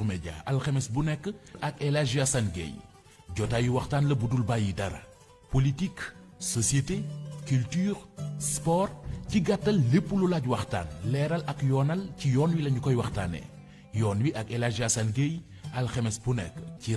média Médias alxames bu nek ak El Hadji Assane Gueye jotaayu le la dara politique société culture sport ci gatal lepp lu laaj waxtaan leral ak yonal ci yon wi lañ koy waxtane yon wi ak elagia Hadji Assane Gueye alxames bu nek ci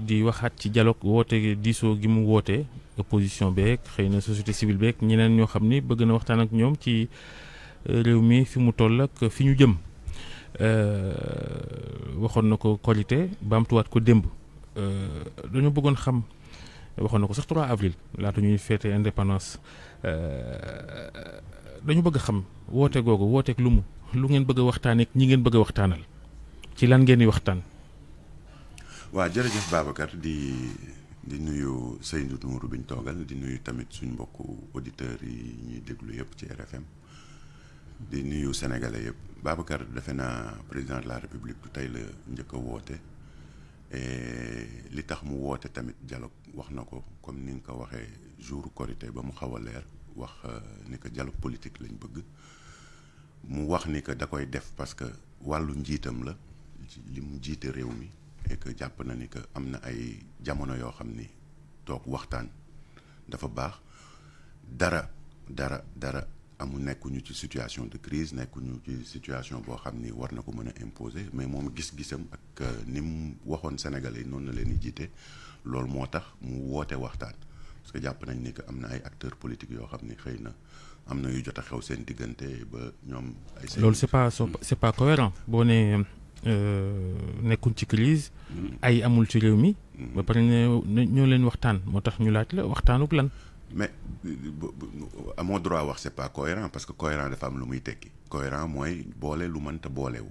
di waxat ci dialogue wote diso gi mu wote opposition beeg xëy na société civile beeg ñeneen ñoo xamni bëgg na waxtaan ak ñoom ci euh, réew mi fi mu toll ak fi ñu jëm euh waxon nako qualité bamtu wat ko demb euh dañu bëggon xam waxon nako sax 3 avril laata ñuy féete indépendance euh dañu bëgg xam wote googu wote ak lumu lu ngeen bëgg waxtaan ak ñi ngeen bëgg waxtaanal ci lan ngeen di waxtaan waaw jërëjëf Babacar di di nuyu Seydou Nourou bi ñu toogal di nuyu tamit suñ mbokku auditeurs yi ñuy déglu yëpp ci RFM di nuyu sénégalais yëpp Babacar defe naa président de la république du tey la njëkk a woote li tax mu woote tamit dialogue wax na ko comme ni nga ko waxee jour Korité ba mu xaw a leer wax euh, ni que dialogue politique lañ bëgg mu wax ni que da koy def parce que wàllu njiitam la li mu jiite réew mi et que japp na ni que amna ay jamono yo xamni tok toog waxtaan dafa bax dara dara dara amul ñu ci situation de crise ñu ci situation bo xamni war na ko mëna imposer mais mom gis-gisam ak euh, nim waxon Sénégalais non na leen di jité lool motax mu woté waxtaan parce que japp nañ ni que amna ay acteurs politiques yo xamni ni amna yu jotta xew seen digënté ba ñom ay lool c'est pas c'est pas cohérent bo né euh, nekkuñ ci crise mm. ay amul ci réew mi. Mm. ba pare ne ñoo leen waxtaan moo tax ñu laaj la waxtaanuk lan. mais amoo droit wax c'est pas cohérent parce que cohérent dafa am lu muy tekki. cohérent mooy boole lu mënta boolewu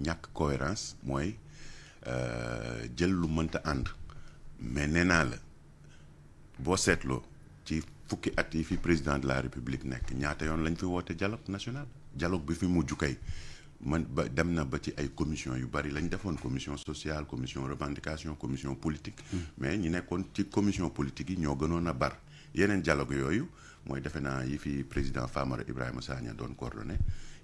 ñàkk cohérence mooy euh, jël lu mënta ànd. mais nee naa la boo seetloo ci fukki at yi fi président de la république nekk ñaata yoon lañ fi woote dialogue national dialogue bi fi mujj kay man ba dem na ba ci ay commission yu bari lañ defoon commission sociale commission revendication commission politique hmm. mais ñi nekkoon ci commission politique yi ñoo gënoon a bar yeneen dialogue yooyu mooy defe naa yi fi président Famara Ibrahima Sagna doon coordonné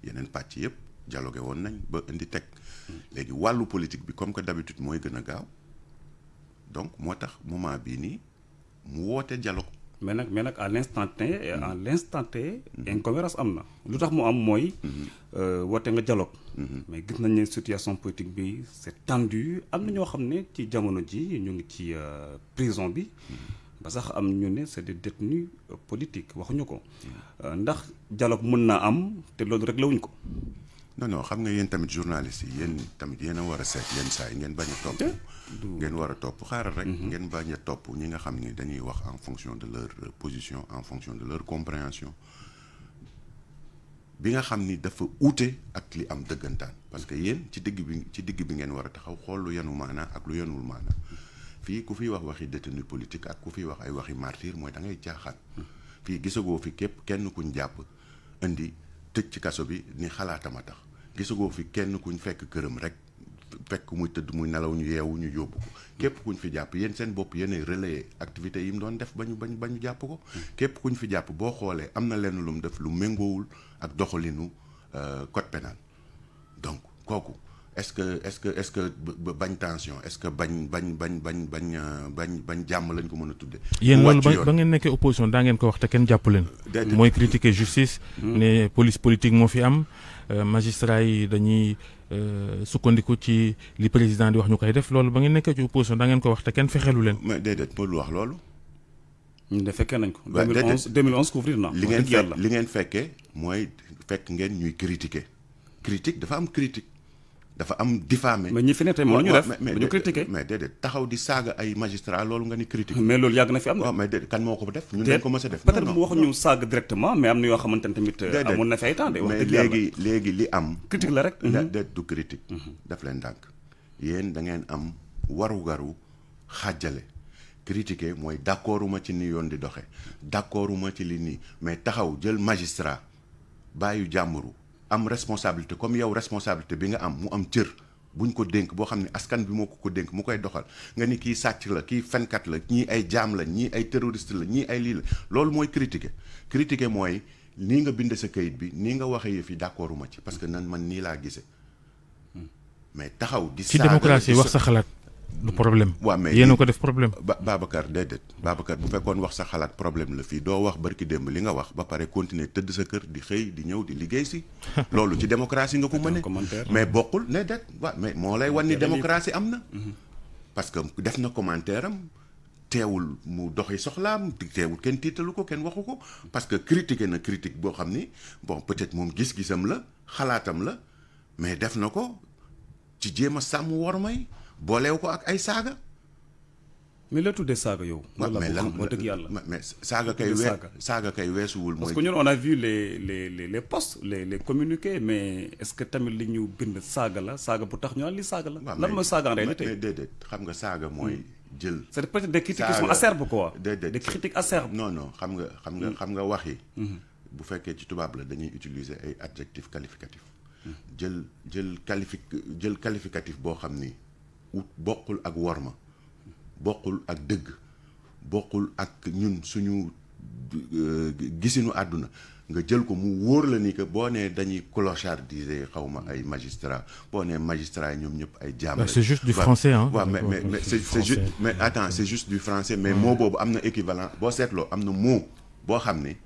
yeneen pàcc yépp dialogué woon nañ ba indi teg hmm. léegi wàllu politique bi comme que d'habitude mooy gën a gaaw donc moo tax moment bii nii mu woote dialogue mais nag mais nag à l' instant T. Mm-hmm. à l' instant T. Mm-hmm. incohérence am na. lu tax mu am mooy. Mm-hmm. Euh, woote nga dialogue. mais gis nañ ne situation politique bi c' est tendu am na ñoo xam ne ci jamono ji ñu ngi ci euh, prison bi. ba sax am ñu ne c' est des détenus euh, politiques waxuñu ko. ndax dialogue mën naa am te loolu réglé wuñ ko. non non xam nga yeen tamit journaliste yeen tamit yeen a war a seet yeen saa yi ngeen bañ a topp eh, ngeen war a topp xaaral rek mhm. ngeen bañ a topp ñi nga xam ni dañuy wax en fonction de leur euh, position en fonction de leur compréhension bi nga xam ni dafa uute ak li am dëggantaan parce que yeen ci digg bi ci digg bi ngeen war a taxaw xool lu yanu maanaa ak lu yenul maanaa fii ku fi wax waxi détenu politique ak ku fi wax ay waxi martyr mooy da ngay hmm. fii gisagoo fi képp kenn kuñ jàpp indi tëj ci kaso bi ni a tax gisagoo fi kenn ku ñu fekk këram rek fekk muy tëdd muy nelaw ñu yeewu ñu yóbbu ko hmm. képp kuñ fi jàpp yéen seen bopp yéenay relayer activités yi mu doon def ba ñu bañ ba ñu jàpp ko hmm. képp ku kuñ fi jàpp boo xoolee am na lenn lu mu def lu méngoowul ak doxalinu euh, code pénal donc kooku est-ce que est-ce que est-ce que bagn tension est-ce que bagn bagn bagn bagn bagn euh, bañ bañ jàmm lañ ko mëna a tuddee. yéen ba ngeen nekkee opposition da ngeen ko wax té kenn jàpp leen. Euh, moy critiquer justice. Hmm. ne police politique mo fi am. Euh, magistrats yi dañuy sukkandiku ci li président di wax ñu koy def loolu ba ngeen nekkee ci opposition da ngeen ko wax té kenn fexelu leen. mais dédé lu wax loolu. ñu de fekkee nañ ko. 2011 2011 couvrir na. li ngeen li ngeen fekkee moy fekk ngeen ñuy critiquer. critique dafa am critique. dafa am diffamé. mais ñi fi ne tey mënuñu def dañu critiqué mais taxaw di saaga ay magistrat loolu nga ni critique mais loolu yàgg na fi am na waaw mais déedéet kan moo ko def ñun dañ ko mës a def peut am na yoo xamante ne tamit amoon na fi ay temps de léegi li am critique la rek de mhm. du critique mhm. daf leen dànk yéen da ngeen am warugaru xàjjale critiqué mooy d'accorduma ci ni yoon di doxe d'accorduma ci li nii mais taxaw jël magistra bàyyi jàmburu am responsabilité comme yow responsabilité bi nga am mu am cër buñ ko dénk boo xam ne askan bi moo ko ko dénk mu koy doxal nga ni kii sàcc la kii fenkat la ñii ay jaam la ñii ay terroriste la ñii ay lii la loolu mooy critiquer critiquer mooy nii nga bind sa kayit bi nii nga waxee yëf yi d'accorduma ci parce que nan man nii laa gise hmm. mais taxaw di. ci démocratie wax sa xalaat. du problème. waaw mais yéen ko def problème. ba Babacar déedéet Babacar bu fekkoon wax sa xalaat problème la fii doo wax barki démb li nga wax ba pare continuer tëdd sa kër di xëy di ñëw di liggéey si. loolu ci démocratie nga ko mëne mais bokkul ne déet waaw moo lay wan ni démocratie am na. Mhm. parce que def na commentaire am. teewul mu doxi soxlaam teewul kenn tiitalu ko kenn waxu ko parce que critiqué na critique boo xam ni bon peut-être moom gis-gisam la xalaatam la mais def na ko ci jéem a sàmm wormay booleewu ko ak ay saga mais la tout saaga yow. mais saga mais kay wee Saga kay weesuwul. mooy parce que ñun on a vu les les les les les les communiqués mais est-ce que tamit li ñu bind saga la saga bu tax ñu li saga la. lan saga saaga en réalité mais déedéet xam nga saga moy hmm. jël c'est peut-être des critiques qui sont acerbes quoi. des critiques acerbes. non non xam nga xam nga hmm. xam nga wax yi. Hmm. bu fekkee ci tubab la dañuy utiliser ay adjectifs qualificatifs. jël jël qualifi jël qualificatif bo xamni bokul ak warma bokul ak deug bokul ak ñun suñu euh, gisinu aduna nga jël ko mu wóor la ni que bo né dañuy clochard disé xawma ay magistrat bo né magistrat ñom ñep ñëpp ay jaam bah, c'est juste du français hein waaw mais mais mais c'est juste mais attends c'est juste du français mais mot bobu amna équivalent bo sétlo amna mot bo xamné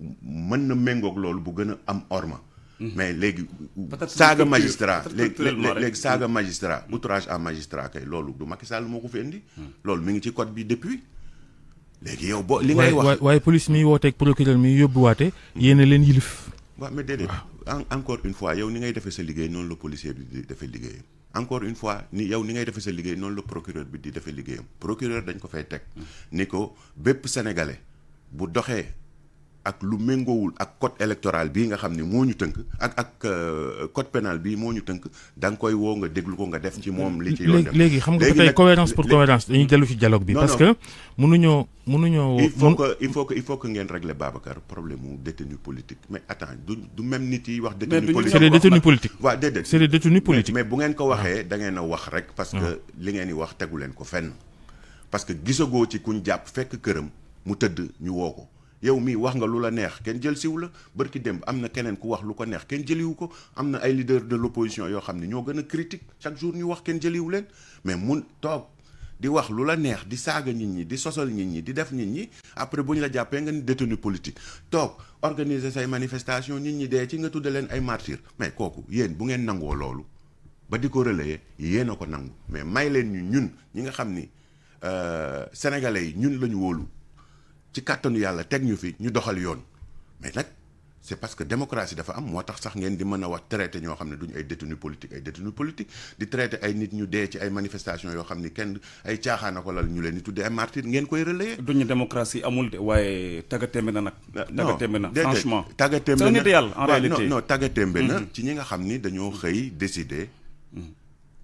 ne mën na méngoog loolu bu gëna am orma Mhm. mais les saga magistrat les saga mhm. magistrat outrage à magistrat kay loolu du Macky Sall moo ko fi indi mhm. loolu mi ngi ci code bi depuis légui yow bo li ngay wax waaye police wote ak procureur mi yóbbuwaate yene len yilif wa mais dédé encore une fois yow ni ngay défé sa liguey non la policier bi di defee liggéeyam encore une fois ni yow ni ngay défé sa liguey non le procureur bi di défé liguey procureur dañ ko fay teg niko bép sénégalais bu doxé ak lu méngoowul ak code électoral bi nga xam ne moo ñu tënk ak ak euh, code pénal bi moo ñu tënk da koy woo nga déglu ko nga def ci moom li ci léegi xam nga ba tey cohérence pour cohérence dañuy dellu ci dialogue bi parce que mënuñoo mënuñoo il faut que il faut que il faut que ngeen régler Babacar problème mu détenu politique mais attends du du même nit yi wax détenu politique waa des détenus politiques waaw déedéet c'est des détenus mais bu ngeen ko waxee ah. da wax rek parce que ah. li ngeen di wax tegu leen ko fenn parce que gisagoo ci kuñ jàpp fekk këram mu tëdd ñu woo ko yow mii wax nga lu la neex kenn jël siw la bërki démb am na keneen ku wax lu ko neex kenn jëliwu ko am na ay leader de l'opposition yoo xam ne ñoo gën a critique chaque jour ñu wax kenn jëliwu leen mais mun toog di wax lu la neex di saaga nit ñi di sosal nit ñi di def nit ñi après bu ñu la jàppee nga ni détenu politique toog organiser say manifestation nit ñi dee ci nga tudde leen ay martyr mais kooku yéen bu ngeen nangoo loolu ba di ko relayer yéen a ko nangu mais may leen ñu ñun ñi nga xam ni euh, sénégalais yi ñun la ñu wóolu ci kàttanu yàlla teg ñu fi ñu doxal yoon mais nag c'est parce que démocratie dafa am moo tax sax ngeen di mën a wax traité ñoo xam ne duñu ay détenu politique ay détenu politique di traité ay nit ñu dee ci ay manifestations yoo xam ni kenn ay caaxaana ko lal ñu leen di tuddee ay martyr ngeen koy relayer. duñu démocratie amul de waaye tàggatémbe na nag. tàggatémbe na franchement tàggatémbe na nit yàlla en réalité non non tàggatémbe na. Mm-hmm. ci ñi nga xam ni dañoo xëy décider mm-hmm.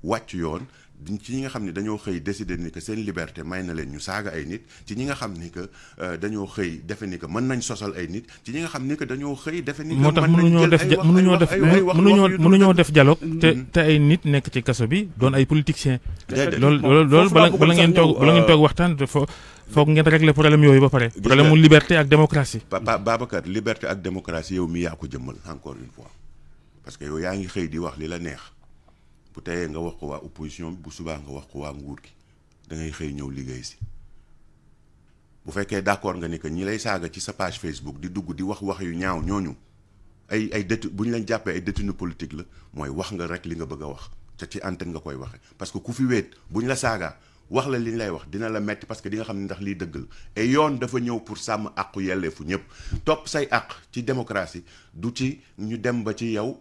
wàcc yoon. ci ñi nga xamni ni dañoo xëy décider ni que seen liberté may na leen ñu saaga ay nit ci ñi nga xamni ni que euh, dañoo xey defe ni que mën nañ sosal ay nit ci ñi nga xamni que dañoo xey defe ni moo mën mënuñoo def mënuñoo def mënuñoo ñoo def dialogue te mm-hmm. te ay nit nek ci kasso bi doon ay politiciens lool lool bala ngeen toog bala ngeen euh, toog waxtaan fo foog ngeen régler problème yooyu ba pare problème liberté ak démocratie papa babacar liberté ak démocratie yow mi yaa ko jëmmal encore une fois parce que yow yaa ngi xëy di wax li la neex bu nga wax ko waa opposition bu subaa nga wax ko waa nguur gi dangay xëy ñëw liggéey si bu fekkee d'accord nga ni que ñi lay saaga ci sa page Facebook di dugg di wax wax yu ñaaw ñooñu ay ay détu bu ñu leen jàppee ay détenu politique la mooy wax nga rek li nga bëgg a wax te ci antenne nga koy waxee parce que ku fi wéet bu ñu la saagaa wax la li ñu lay wax dina la metti parce que di nga xam ne ndax lii dëgg la et yoon dafa ñëw pour sàmm àqu yelleefu ñëpp topp say àq ci démocratie du ci ñu dem ba ci yow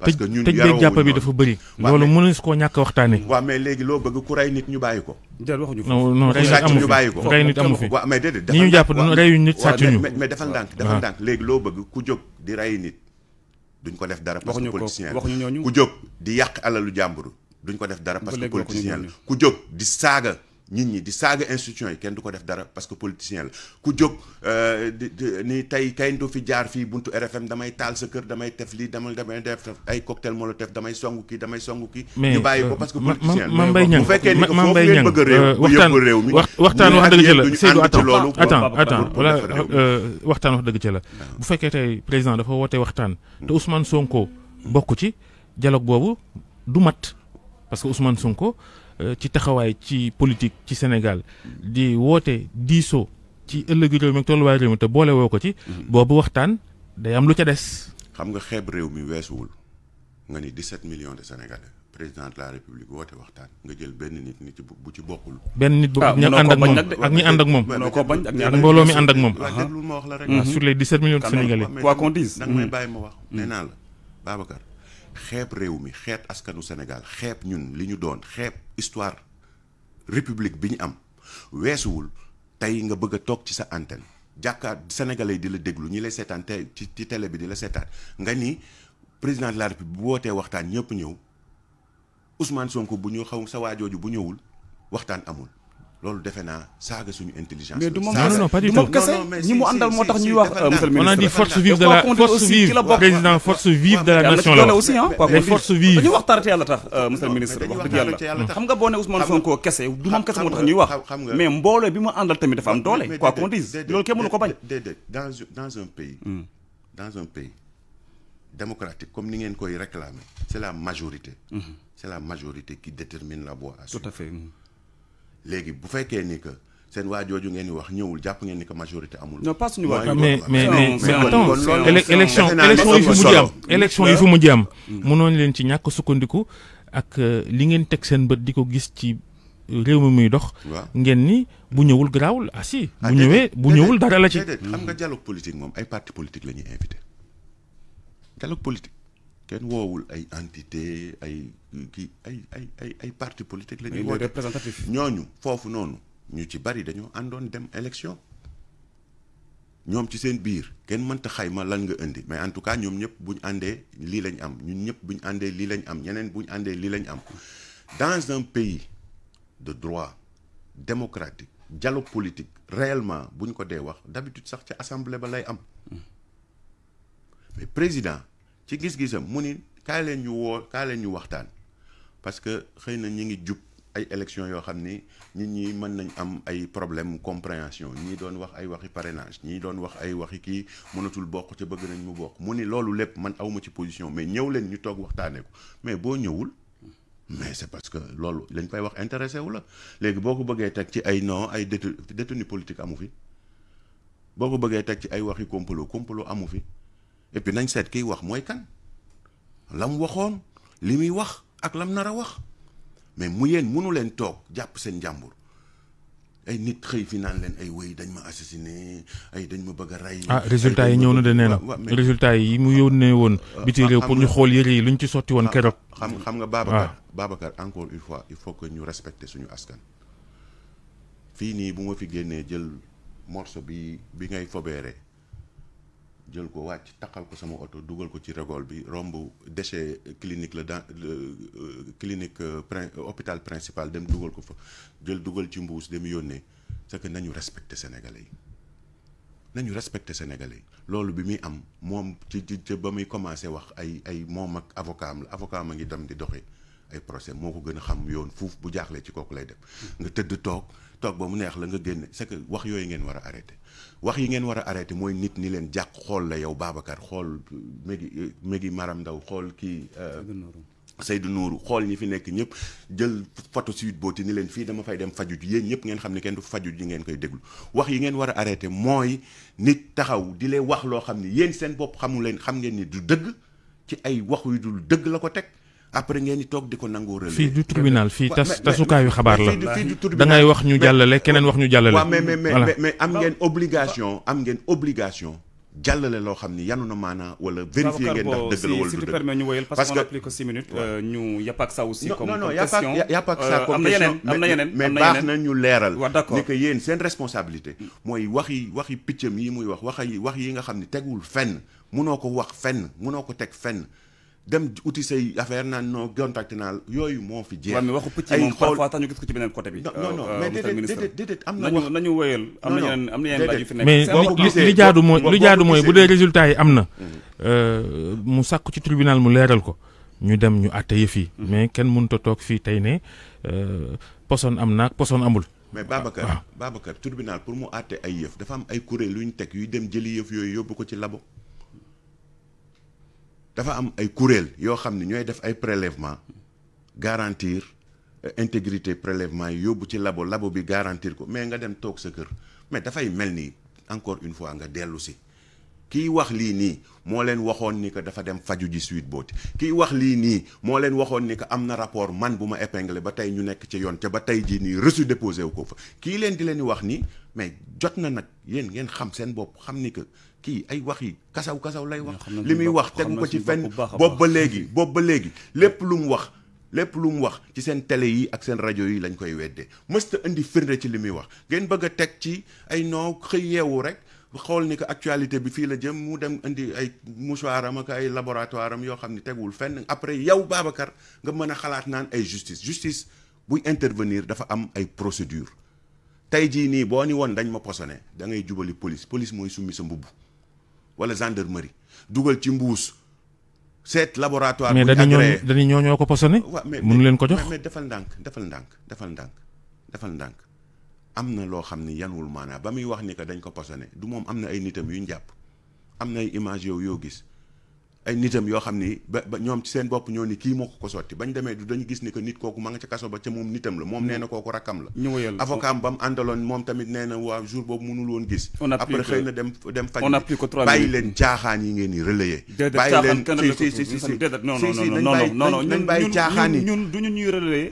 parce que ñun yarawuñu jàpp bi dafa bëri. loolu mënuñu koo ñàkk a waxtaanee. waaw mais léegi loo bëgg ku rey nit ñu bàyyi ko. déedéet waxuñu non non rey nit amu fi rey nit amu fi waaw mais déedéet. defal ñu jàpp ñu. mais defal ndànk defal ndànk léegi loo bëgg ku jóg di rey nit duñ ko def dara. parce que politicien ko def dara parce que politicien ku jóg di saaga nit ñi di saaga institution yi kenn du ko def dara parce que politicien la ku jóg euh, ni tey kañ du fi jaar fii buntu RFM damay taal sa kër damay tef lii damay damay def ay cocktail molotov damay songu kii damay songu kii. ñu bàyyi ko euh, parce que politicien la Mame Mbaye Niang bu fekkee ni foofu ngeen bëgg a réew. Euh, waxtaan waxtaan wax dëgg ci la Seydou attends attends attends wala waxtaan la. bu fekkee tey président dafa woote waxtaan. te hmm. Ousmane Sonko bokk ci dialogue boobu du mat parce que Ousmane Sonko. Euh, ci taxawaay ci politique ci Sénégal di woote diisoo ci ëllëg réew mi ak tolluwaay réew mi te boole woo ko ci. Mm-hmm. boobu waxtaan day am lu ca des. xam nga xeeb réew mi weesuwul nga ni 17 millions de Sénégalais président de la république woote waxtaan nga jël benn nit nit bu ci bokkul. benn nit bu ñu ah, ak moom ak ñi ànd ak moom. moom mbooloo mi ànd ak moom. waaw déglu ma wax la rek. Ah, sur les de Sénégalais. xeep réew mi xeet askanu Sénégal xeeb ñun li ñu doon xeeb histoire république bi ñu am weesuwul tey nga bëgg a toog ci sa antenne jàkkaar sénégalais di la déglu ñi lay seetaan te ci ci télé bi di la seetaan nga ni président de la république bu wootee waxtaan ñëpp ñëw usmaan sonk bu ñu xaw sa waajooju bu ñëwul waxtaan amul. loolu defe naa saaga suñu intelligence. mais du moom non non pas du tout ñi mu andal motax ñuy wax. Euh, on a dit force vive de la force vive président force vive de la nation là aussi ah. les forces vives dañuy wax tara yalla tax euh, monsieur le ministre wax dëgg yàlla. xam nga boo Ousmane Sonko kessé du moom kessé motax ñuy wax. mais mbolé bi mu àndal tamit dafa am doole. quoi qu'on dise loolu ké mënu ko bañ. déedéet dans dans un pays. Mm. dans un pays démocratique comme ni ngeen koy réclamer. c'est la majorité. Mm-hmm. c'est la majorité qui détermine la voie à tout à fait. Mm. léegi bu fekkee ni que seen waa jooju ngeen di wax ñëwul jàpp ngeen ni ko majorité amul. non pas suñu waa mais mais mais attends élection élection yi fi mujj am élection yi fi mujj am. mënoon leen ci ñàkk sukkandiku ak euh, li ngeen teg seen bët di ko gis ci. réew mi muy dox. ngeen ni bu ñëwul garaawul ah si. bu ah, ñëwee bu ñëwul dara la ci. xam nga dialogue politique moom ay parti politique la ñuy invité dialogue politique. ken woowul ay entité ay kii ay ay ay parti politique la ñuy woote représentatif ñooñu foofu noonu ñu ci bari dañoo àndoon dem élection ñoom ci seen biir kenn mënta xayma lan nga indi mais en tout cas ñoom ñëpp buñ ñu àndee lii lañ am ñun ñëpp buñ ñu àndee lii lañ am ñeneen buñ ñu àndee lii lañ am dans un pays de droit démocratique dialogue politique réellement buñ ko dee wax d'habitude sax ci assemblée ba lay am hmm. mais président ci gis-gisam mu ni kaay leen ñu woo kaay leen ñu waxtaan parce que xëy na ñu ngi jub ay élections yoo xam ni nit ñi mën nañ am ay problème compréhension ñii doon wax ay waxi parrainage ñii doon wax ay waxi kii mënatul bokk ca bëgg nañ mu bokk mu ni loolu lépp man awma ci position mais ñëw leen ñu toog waxtaanee ko mais boo ñëwul mais c'est parce que loolu lañ fay wax intéressé wu la léegi boo ko bëggee teg ci ay non ay détenu détenu politique amu fi boo ko bëggee teg ci ay waxi complot complot amu fi et nañ seet kiy wax mooy kan la mu waxoon li muy wax ak lam nar a wax mais mu yéen mënu leen toog jàpp seen jàmbur ay nit xëy fi naan leen ay wéy dañ ma assassiné ay dañ ma bëgg rey. ah résultat yi ñëw na de nee na résultat yi mu nee woon. Ah, ah, biti réew pour ñu xool yëre yi ñu ci sotti woon keroog. xam xam nga Babacar. Ah. Babacar encore une fois il faut que ñu respecter suñu askan. fii nii bu ma fi génnee jël morso bi bi ngay fobeere jël ko wàcc taqal ko sama oto dugal ko ci rigole bi romb déchet clinique la dans euh, clinique euh, euh, hôpital principal dem dugal ko fa jël dugal ci mbuus dem yónnee c'est que nañu respecter sénégalais yi nañu respecter sénégalais yi loolu bi muy am moom ci ci ba muy commencé wax ay ay moom ak avocat am la avocat ma ngi dem di doxe ay procès moo ko gën a xam yoon fuuf bu jaaxlee ci kooku lay dem hmm. nga tëdd toog toog ba mu neex la nga génn c'est wax yooyu ngeen war a arrêté wax yi ngeen war a arrêté mooy nit ñi leen jàq xool la yow Babacar xool Megi euh, Megi Maram Ndaw xool kii. Euh, Seydou Nourou xool ñi fi nekk ñëpp jël photo suite booti ni leen fii dama fay dem faju ji ñëpp ngeen xam ne kenn du faju ji ngeen koy déglu wax yi ngeen war arrêté mooy nit taxaw di leen wax loo xam ni yéen seen bopp xamu leen xam ngeen ni du dëgg ci ay wax yu dul dëgg la ko teg. après ngeen tok diko di ko nangoo relais. fii du tribunal fi tas yu xabar la. da ngay wax ñu jallalé keneen wax ñu jallalé mais mais mais mais am ngeen obligation am ngeen obligation. jallalé lo xamni yanu na mana wala vérifier ngeen ndax deugul la wala du dëgg si si tu ñu wëyal parce que on plus que 6 minutes. Euh, ñu y a pas aussi. comme question non non y a pas y a pas que ça euh, comme amna yenen amna yenen mais baax na ñu léral waaw d'accord ni que yéen seen responsabilité. moy waxi waxi wax yi piccam muy wax waxi wax yi nga xamni teggul fenn munoo ko wax fenn munoo ko teg fenn dem uti say affaire naan non contact naa yooyu moo fi jeex. ay mais waxu picc moom parfois tax ñu gis ko ci beneen côté bi. non non euh, mais déedéet déedéet am na wax nañu wéyal. am na yeneen am na yeneen laaj yu fi nekk. mais li jaadu mooy li jaadu mooy bu dee résultat yi am na. Mm-hmm. Euh, mu sàkk ci tribunal mu leeral ko. ñu dem ñu àtte yëf yi. Mm-hmm. mais kenn mënut a toog fii tey ne euh, poson am naag poson amul. mais Babacar ah. Babacar tribunal pour mu àtte ay yëf dafa am ay kuréel yu ñu teg yuy dem jëli yëf yooyu yóbbu ko ci labo. dafa am ay kuréel yoo xam ne ñooy def ay prélèvement garantir euh, intégrité prélèvement yi yóbbu ci labo labo bi garantir ko mais nga dem toog sa kër mais dafay mel ni encore une fois nga dellu si kiy wax lii nii moo leen waxoon ni que dafa dem faju ji Sweet Beauty kiy wax lii nii moo leen waxoon ni que am na rapport man bu ma épinglé ba tey ñu nekk ci yoon ca ba tey jii nii reçu déposé wu ko fa kii leen di leen di wax nii mais jot na nag yéen ngeen xam seen bopp xam ni que kii ay wax yi kasaw kasaw lay wax li muy wax tegu ko ci fenn bopp ba léegi bopp ba léegi lépp lu mu wax lépp lu mu wax ci seen tele yi ak seen rajo yi lañ koy weddee mësta indi fir ci li muy wax ngeen bëgg a teg ci ay noo xëy yeewu rek xool ni ko actualité bi fii la jëm mu dem indi ay mouchoir am ak ay laboratoire am yoo xam ni teguwul fenn après yow Babacar nga mën a xalaat naan ay justice justice buy intervenir dafa am ay procédure tey jii nii boo ni woon dañ ma posone da ngay jubali police police mooy summi sa mbubb wala gendarmerie dugal ci mbuus seet laboratoire. mais dañu ñoo dañu ñoo ñoo ko posone. waaw mais mënu leen ko jox mais defal ndànk defal ndànk defal ndànk defal ndànk. am na loo xam ni yanuwul maanaa ba muy wax ni que dañ ko posone du moom am na ay nitam yuñ jàpp am na ay image yow yoo gis ay nitam yoo xam ni ba ba ñoom ci seen bopp ñoo nit kooku ma nga ca kaso ba ca moom nitam la moom mm. nee na kooku rakkam la avocat ba mu na waa jour boobu mënul leen caaxaan yi ngeen di relayer leen caaxaan yi ñun du ñu ñuy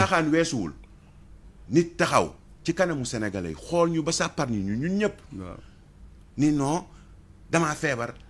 caaxaan weesuwul nit taxaw ci kanamu sénégalais yi xool ñu ba sàppar ñu ñun ñëpp ni non damaa feebar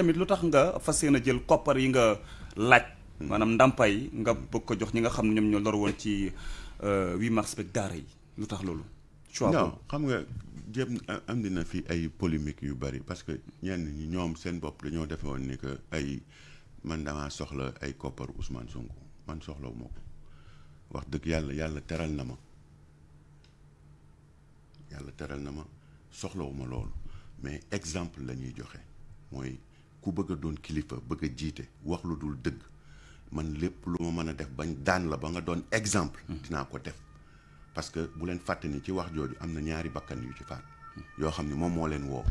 tamit lu tax nga fas yéene jël koppar yi nga laaj. maanaam ndàmpaay nga bëgg ko jox ñi nga xam ne ñoom ñoo lor woon ci 8 euh, mars beeg daara yi lu tax loolu. choix xam nga jéem am dina fi ay polémique yu bari parce que ñenn ñi ñoom seen bopp dañoo defe woon ni que ay man damaa soxla ay koppar Ousmane Sonko man soxlawu ma ko wax dëgg yàlla yàlla teral na ma yàlla teral na ma soxlawuma ma loolu mais exemple lañuy ñuy ku bëgg a doon kilifa bëgg jiite wax lu dul dëgg man lépp lu ma mën a def bañ daan la ba nga doon exemple hmm. dinaa ko def parce que bu leen fàtte ci wax jooju am na ñaari bàkkan yu ci faat hmm. yoo xam ni moom moo leen woo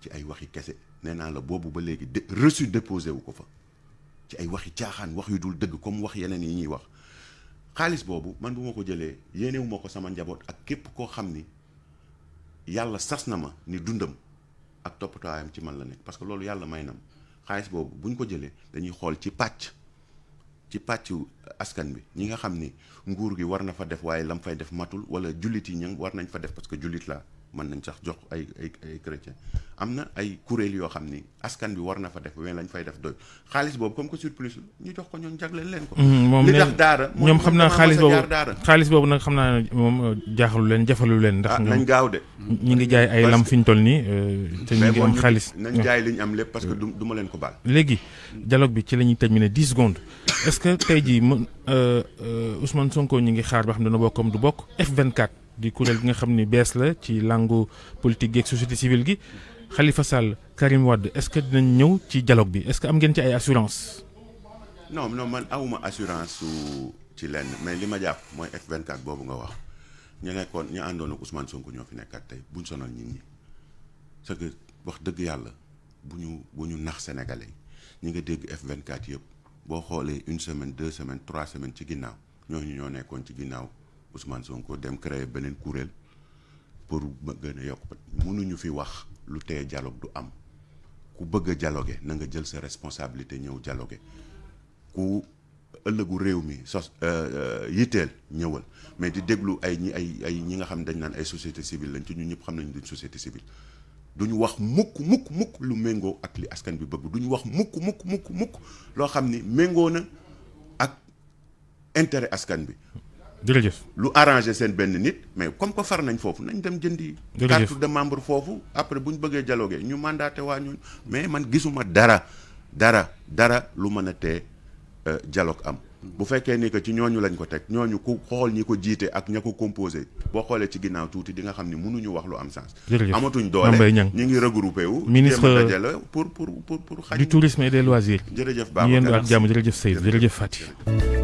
ci ay waxi kese nee naa la boobu ba léegi de reçu déposé wu ko fa ci ay waxi caaxaan wax yu dul dëgg comme wax yeneen yi ñuy wax xaalis boobu man bu ma ko jëlee yéenewu ko sama njaboot ak képp koo xam ni yàlla sas na ma ni dundam ak toppatoowaayam ci man la nekk parce que loolu yàlla may nam xaalis boobu bu ñu ko jëlee dañuy xool ci pàcc ci pàccu askan bi ñi nga xam ni nguur gi war na fa def waaye lam fay def matul wala jullit yi ñang war nañ fa def parce que jullit laa mën nañ sax jox ay ay ay chrétien am na ay kuréel yoo xam ni askan bi war na fa def mais lañ fay def doy xaalis boobu comme que surplus la ñu ko ñoom jagleel leen ko. Mm, moom li ñoom xam naa xaalis boobu xaalis boobu nag xam naa moom euh, jaaxalu leen jafalu leen. ndax ah, ñoom nañ gaaw de. ñi ngi jaay ay lam fi ñu toll nii euh, te ñu ngi am xaalis. nañ jaay li ñu am lépp parce que du du leen ko baal. léegi dialogue bi ci la ñuy ne dix secondes est-ce que tey jii euh, Ousmane Sonko ñu ngi xaar ba xam dana bokk comme du bokk F24 di kuréel gi nga xam ni bees la ci langu politique geeg société civile gi xalifa Sall Karim Wade est-ce que dinañ ñëw ci dialogue bi est-ce que am ngeen ci ay assurance non non man awuma assurance su ci lenn mais li ma jàpp mooy F24 boobu nga wax ñu nekkoon ñu àndoon ak Ousmane Sonko ñoo fi nekkaat tey buñ sonal nit ñi parce que wax dëgg yàlla bu ñu bu ñu nax sénégalais ñi nga dégg F24 yëpp boo xoolee une semaine deux semaines trois semaine ci ginnaaw ñooñu ñoo nekkoon ci ginnaaw. Ousmane Sonko dem créer beneen kuréel pour gën a yokk mënuñu fi wax lu tee dialogue du am ku bëgg a dialoguer na nga jël sa responsabilité ñëw dialoguer ku ëllëgu réew mi sos euh, euh, yitteel ñëwal mais di déglu ay ñi ay ay ñi nga xam dañ naan ay société civile lañ ci ñun ñëpp xam nañ duñ société civile duñu wax mukk mukk mukk lu méngoo ak li askan bi bëgg duñu wax mukk mukk mukk mukk loo xam ni méngoo na ak intérêt askan bi jërëjëf lu arrangé seen benn nit mais comme que far nañ foofu nañ dem jëndi carte de membre foofu après bu ñu bëggee dialoguer ñu mandaté waa ñooñu mais man gisuma dara dara dara lu mën a tee euh, dialogue am bu fekkee ni que ci ñooñu lañ ko teg ñooñu ku xool ñi ko jiite ak ña ko composé boo xoolee ci ginnaaw tuuti di nga xam ni mënuñu wax lu am sens amatuñ doole ñu ngi regroupé wu ministre dajale pour pour pour pour xañ du tourisme et des loisirs jërëjëf Babacar ñu yendu ak jàmm jërëjëf Seydou